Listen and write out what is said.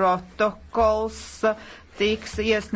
protokols tiks iesniegts.